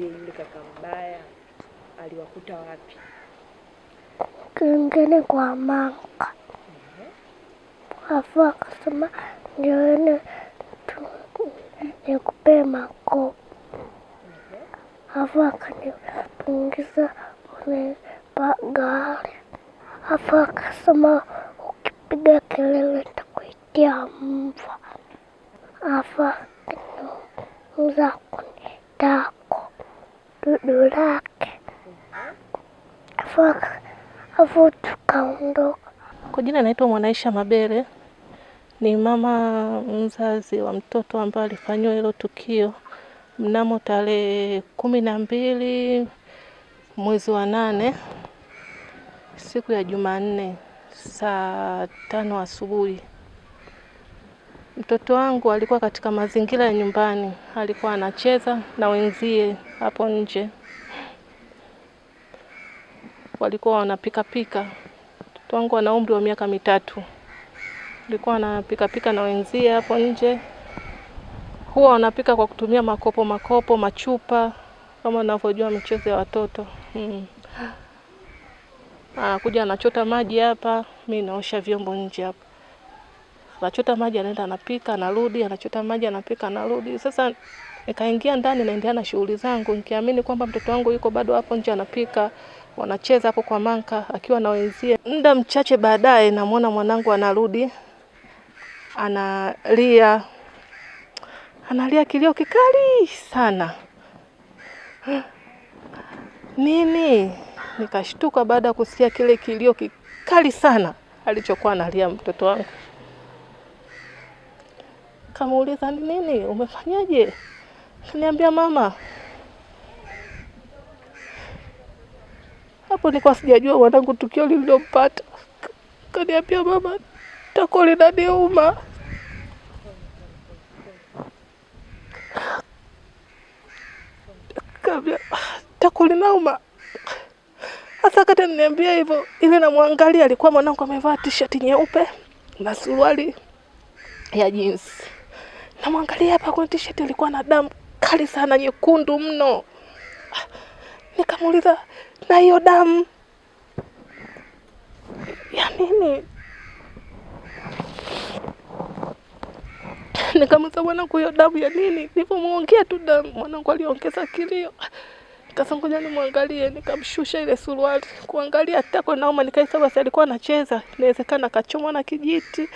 mwambie yule kaka mbaya aliwakuta wapi? Kingine kwa manga, mhm. alafu akasema njoene nikupee makopo, mhm. alafu akanipungiza kwenye gari, alafu akasema ukipiga kelele nitakuitia mbwa, alafu akaniuza kunitaka dudu afu tukaondoka. Kwa jina naitwa Mwanaisha Mabere, ni mama mzazi wa mtoto ambaye alifanyiwa hilo tukio mnamo tarehe kumi na mbili mwezi wa nane siku ya Jumanne saa tano asubuhi. Mtoto wangu alikuwa katika mazingira ya nyumbani, alikuwa anacheza na wenzie hapo nje, walikuwa wanapikapika. Mtoto wangu ana umri wa miaka mitatu, walikuwa wanapikapika na wenzie hapo nje. Huwa wanapika kwa kutumia makopo makopo, machupa, kama unavyojua michezo ya watoto hmm. Anakuja ah, anachota maji hapa, mi naosha vyombo nje hapa anachota maji anaenda anapika anarudi, anachota maji anapika anarudi. Sasa Nikaingia ndani, naendelea na shughuli zangu nikiamini kwamba mtoto wangu yuko bado hapo nje anapika wanacheza hapo kwa manka akiwa na wenzie. Muda mchache baadaye, namwona mwanangu anarudi, analia, analia kilio kikali sana. Nini? Nikashtuka baada ya kusikia kile kilio kikali sana alichokuwa analia mtoto wangu. Kamuuliza, ni nini? Umefanyaje? niambia mama, hapo nilikuwa sijajua mwanangu tukio lililompata. Kaniambia mama, tako linaniuma. Tako linauma hasa. Kati niambia hivyo, ili namwangalia, alikuwa mwanangu amevaa tishati nyeupe na suruali ya jinsi, namwangalia hapa kwenye tishati alikuwa na damu kali sana nyekundu mno. Nikamuuliza, na hiyo damu ya nini? Nikamuuliza, mwanangu, hiyo damu ya nini? Nilivyomwongea tu damu, mwanangu aliongeza kilio. Nikasongoja nimwangalie, nikamshusha ile suruali kuangalia tako nauma, nikaisa basi alikuwa anacheza, inawezekana akachomwa na kijiti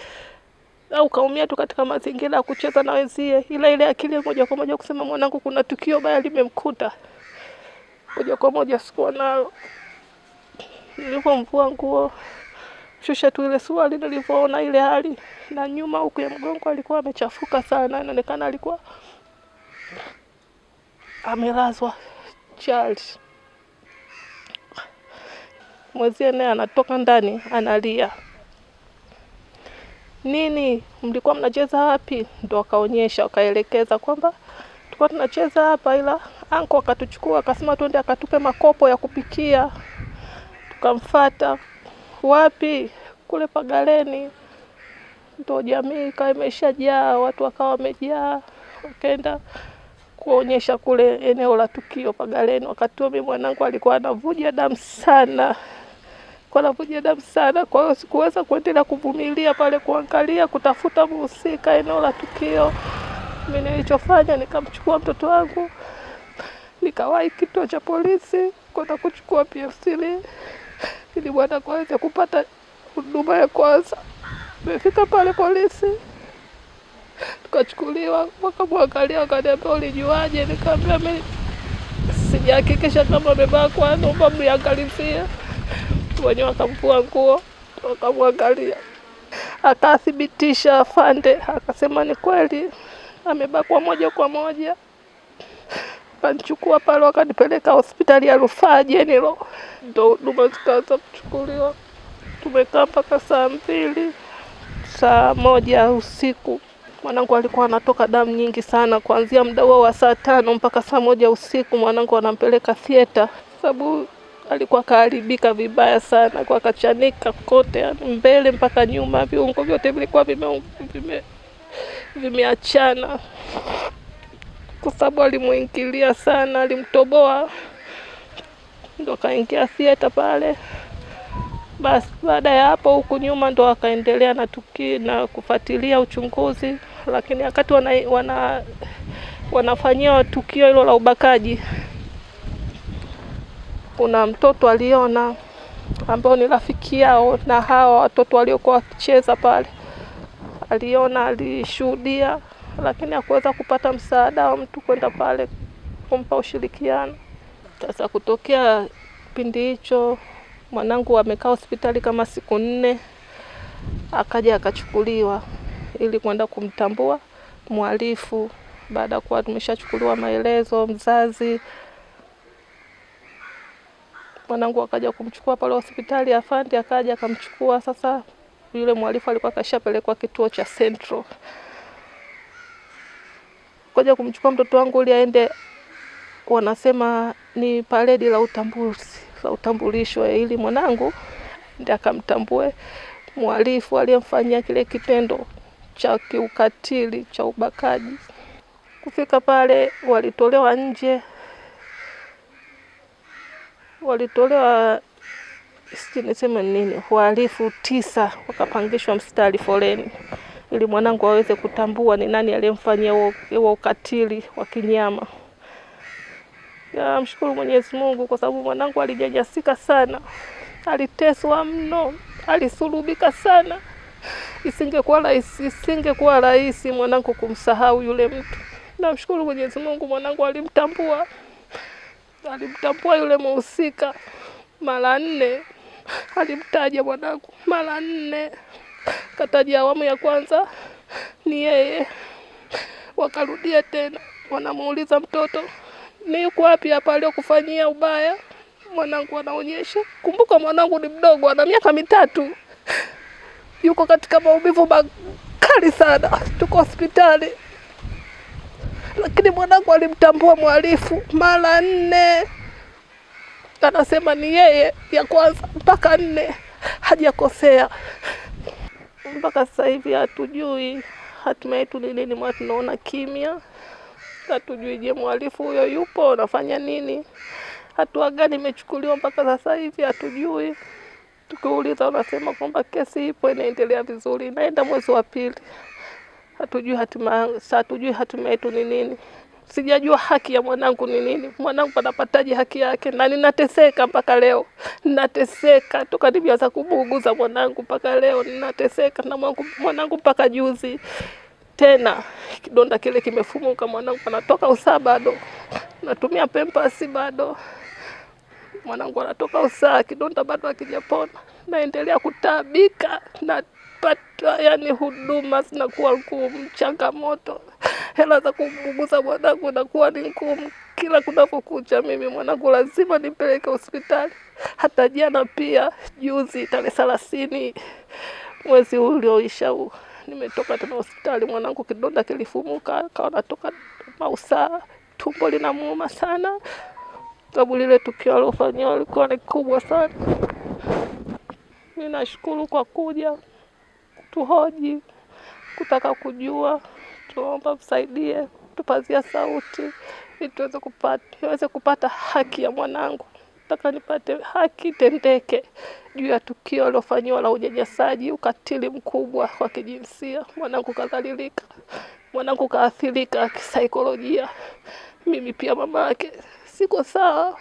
au kaumia tu katika mazingira ya kucheza na wenzie, ila ile akili moja kwa moja kusema mwanangu, kuna tukio baya limemkuta, moja kwa moja sikuwa nalo. Nilipomvua nguo shusha tu ile suali, nilivyoona ile hali, na nyuma huku ya mgongo alikuwa amechafuka sana, inaonekana alikuwa amelazwa Charles. Mwezie naye anatoka ndani analia nini, mlikuwa mnacheza wapi? Ndo akaonyesha wakaelekeza kwamba tulikuwa tunacheza hapa, ila anko akatuchukua akasema tuende akatupe makopo ya kupikia. Tukamfata wapi? Kule Pagaleni. Ndo jamii ikawa imeshajaa, watu wakawa wamejaa, wakaenda kuonyesha kule eneo la tukio Pagaleni. Wakati mimi mwanangu alikuwa anavuja damu sana alikuwa anavuja damu sana. Kwa hiyo sikuweza kuendelea kuvumilia pale, kuangalia, kutafuta mhusika eneo la tukio. Mimi nilichofanya nikamchukua mtoto wangu nikawahi kituo cha polisi kwenda kuchukua PF3 ili bwana kaweze kupata huduma ya kwanza. Nimefika pale polisi tukachukuliwa, wakamwangalia, wakaniambia ulijuaje? Nikaambia mimi sijahakikisha kama amebakwa, naomba mliangalizie wenyewe wakamvua nguo wakamwangalia, akathibitisha afande, akasema ni kweli amebakwa moja kwa moja. Akanichukua pale, wakanipeleka hospitali ya rufaa Jenero, ndo huduma zikaanza kuchukuliwa. Tumekaa mpaka saa mbili, saa moja usiku mwanangu alikuwa anatoka damu nyingi sana, kuanzia muda huo wa saa tano mpaka saa moja usiku. Mwanangu anampeleka thieta sababu alikuwa kaharibika vibaya sana, kwa kachanika kote, yani mbele mpaka nyuma, viungo vyote vilikuwa vime vimeachana, kwa sababu alimuingilia sana, alimtoboa ndo akaingia sieta pale. Basi baada ya hapo, huku nyuma ndo akaendelea na tuki na kufuatilia uchunguzi, lakini wakati wana, wana wanafanyia tukio hilo la ubakaji kuna mtoto aliona ambao ni rafiki yao na hawa watoto waliokuwa wakicheza pale, aliona, alishuhudia, lakini hakuweza kupata msaada wa mtu kwenda pale kumpa ushirikiano. Sasa kutokea kipindi hicho mwanangu amekaa hospitali kama siku nne, akaja akachukuliwa ili kwenda kumtambua mhalifu, baada ya kuwa tumeshachukuliwa maelezo mzazi mwanangu akaja kumchukua pale hospitali, afande akaja akamchukua. Sasa yule mhalifu alikuwa kashapelekwa kituo cha Central, kaja kumchukua mtoto wangu ili aende, wanasema ni paredi la utambuzi la utambulisho, ili mwanangu ndiye akamtambue mhalifu aliyemfanyia kile kitendo cha kiukatili cha ubakaji. Kufika pale walitolewa nje walitolewa sijui niseme nini, wahalifu tisa wakapangishwa mstari foleni, ili mwanangu aweze kutambua ni nani aliyemfanyia huo ukatili wa kinyama. Mshukuru Mwenyezi Mungu kwa sababu mwanangu alinyanyasika sana, aliteswa mno, alisulubika sana. Isingekuwa rahisi, isingekuwa rahisi mwanangu kumsahau yule mtu. Namshukuru Mwenyezi Mungu, mwanangu alimtambua alimtambua yule mhusika mara nne, alimtaja mwanangu mara nne, kataja awamu ya kwanza ni yeye, wakarudia tena, wanamuuliza mtoto, ni yuko wapi hapa aliokufanyia ubaya? Mwanangu anaonyesha. Kumbuka mwanangu ni mdogo, ana miaka mitatu, yuko katika maumivu makali sana, tuko hospitali lakini mwanangu alimtambua mhalifu mara nne, anasema ni yeye ya kwanza mpaka nne, hajakosea. Mpaka sasa hivi hatujui hatima yetu ni nini, mwa tunaona kimya, hatujui. Je, mhalifu huyo yupo? Unafanya nini? Hatua gani imechukuliwa mpaka sasa hivi? Hatujui. Tukiuliza unasema kwamba kesi ipo inaendelea vizuri, inaenda mwezi wa pili hatujui hatima, hatujui hatima yetu ni nini. Sijajua haki ya mwanangu ni nini, mwanangu anapataje haki yake, na ninateseka mpaka leo. Ninateseka toka nilianza kumuuguza mwanangu mpaka leo ninateseka na mwanangu, mwanangu mpaka juzi tena kidonda kile kimefumuka, mwanangu anatoka usaa bado, natumia pempasi bado, mwanangu anatoka usaa, kidonda bado hakijapona, naendelea kutaabika na kupata uh, yani huduma, zinakuwa ngumu, changamoto. Hela za kumbuguza mwanangu nakuwa ni ngumu. Kila kunapokucha, mimi mwanangu lazima nipeleke hospitali. Hata jana pia, juzi, tarehe thelathini mwezi huu ulioisha huu, nimetoka tena hospitali, mwanangu kidonda kilifumuka, kawa natoka mausaa, tumbo linamuuma sana, sababu lile tukio aliofanyiwa likuwa ni kubwa sana. Ninashukuru kwa kuja tuhoji, kutaka kujua, tuomba msaidie, tupazia sauti ili tuweze kupata, tuweze kupata haki ya mwanangu. Nataka nipate haki tendeke juu ya tukio lilofanyiwa la unyanyasaji, ukatili mkubwa wa kijinsia. Mwanangu kadhalilika, mwanangu kaathirika kisaikolojia, mimi pia mama yake siko sawa.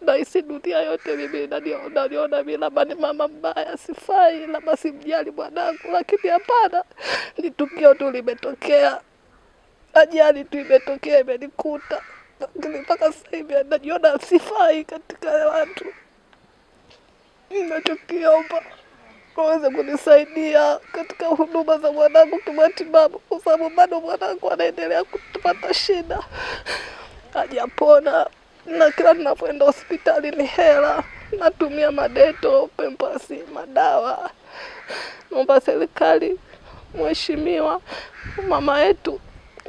Nahisi dunia yote mimi naniona niona mimi labda ni mama mbaya, sifai, labda simjali mwanangu, lakini hapana, ni tukio tu limetokea, ajali tu imetokea, imenikuta, lakini mpaka sasa hivi najiona sifai katika watu. Nachokiomba waweze kunisaidia katika huduma za mwanangu kimatibabu, kwa sababu bado mwanangu anaendelea kupata shida, hajapona na kila ninapoenda hospitali ni hela, natumia madeto, pempasi, madawa. Naomba serikali, mheshimiwa mama yetu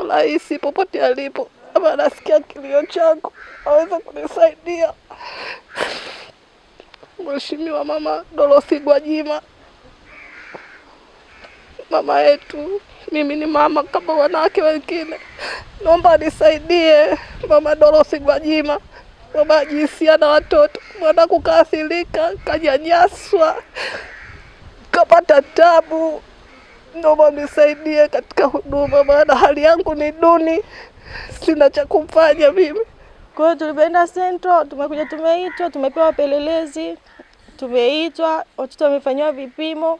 rais, popote alipo, ama anasikia kilio changu aweze kunisaidia. Mheshimiwa Mama Dorothy Gwajima mama yetu. Mimi ni mama kama wanawake wengine, naomba nisaidie mama Dorothy Gwajima, mama ya jinsia na watoto. Mwanangu kaathirika, kanyanyaswa, kapata tabu, naomba nisaidie katika huduma, maana hali yangu ni duni, sina cha kufanya mimi. Kwa hiyo tulipoenda sento, tumekuja tumeitwa, tumepewa pelelezi, tumeitwa watoto wamefanyiwa vipimo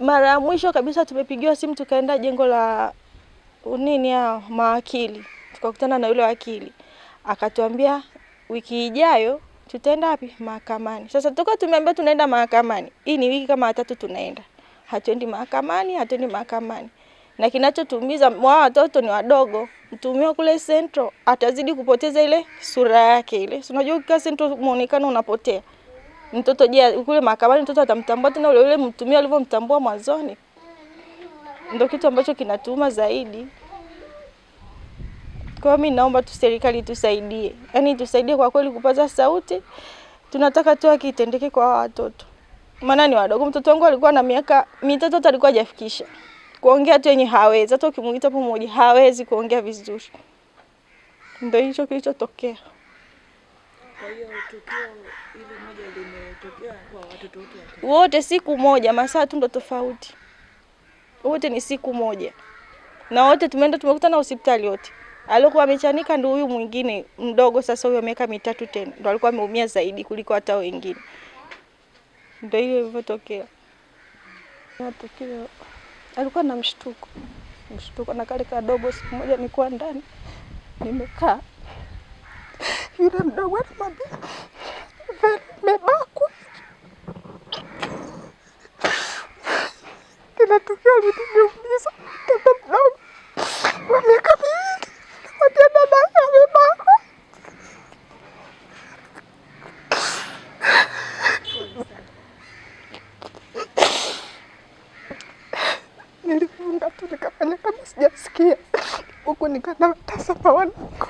mara ya mwisho kabisa tumepigiwa simu tukaenda jengo la nini ya mawakili, tukakutana na yule wakili akatuambia wiki ijayo tutaenda wapi? Mahakamani. Sasa toka tumeambia tunaenda mahakamani, hii ni wiki kama watatu tunaenda, hatuendi mahakamani, hatuendi mahakamani. Na kinachotumiza mwa watoto ni wadogo, mtumiwa kule sentro atazidi kupoteza ile sura yake ile. Unajua ukikaa sentro muonekano unapotea mtoto je, kule mahakamani mtoto atamtambua tena ule ule mtumia alivyomtambua mwanzoni? Ndio kitu ambacho kinatuuma zaidi. Kwa mimi naomba tu serikali tusaidie, yaani tusaidie kwa kweli kupaza sauti. Tunataka tu haki itendeke kwa watoto, maana ni wadogo. Mtoto wangu alikuwa na miaka mitatu, hata alikuwa hajafikisha kuongea tu, yenye hawezi hata ukimuita pamoja hawezi kuongea vizuri. Ndio hicho kilichotokea. Kwa hiyo tukio wote siku moja, masaa tu ndo tofauti, wote ni siku moja na wote tumeenda tumekutana hospitali wote. Alikuwa amechanika ndio huyu mwingine mdogo, sasa huyo miaka mitatu tena ndo alikuwa ameumia zaidi kuliko hata wengine. ndo hiyo ilivyotokea. Matukio alikuwa na mshtuko, mshtuko na kale kadogo. Siku moja nilikuwa ndani nimekaa, yule mdogo anamwambia mebaka na tukio liliniumiza tabablao kwa miaka miwili nakwambia, dada nikafanya kama huku nikanawatazama wanako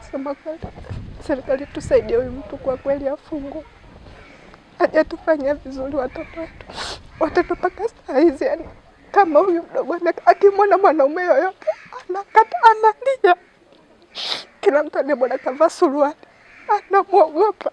kusema kweli Serikali tusaidie huyu mtu kwa kweli, afungwe. tufanye vizuri watoto wetu, watoto mpaka saa hizi yani, kama huyu mdogo akimwona mwanaume yoyote anakata, analia. Kila mtu anamwona kavaa suruali, anamwogopa.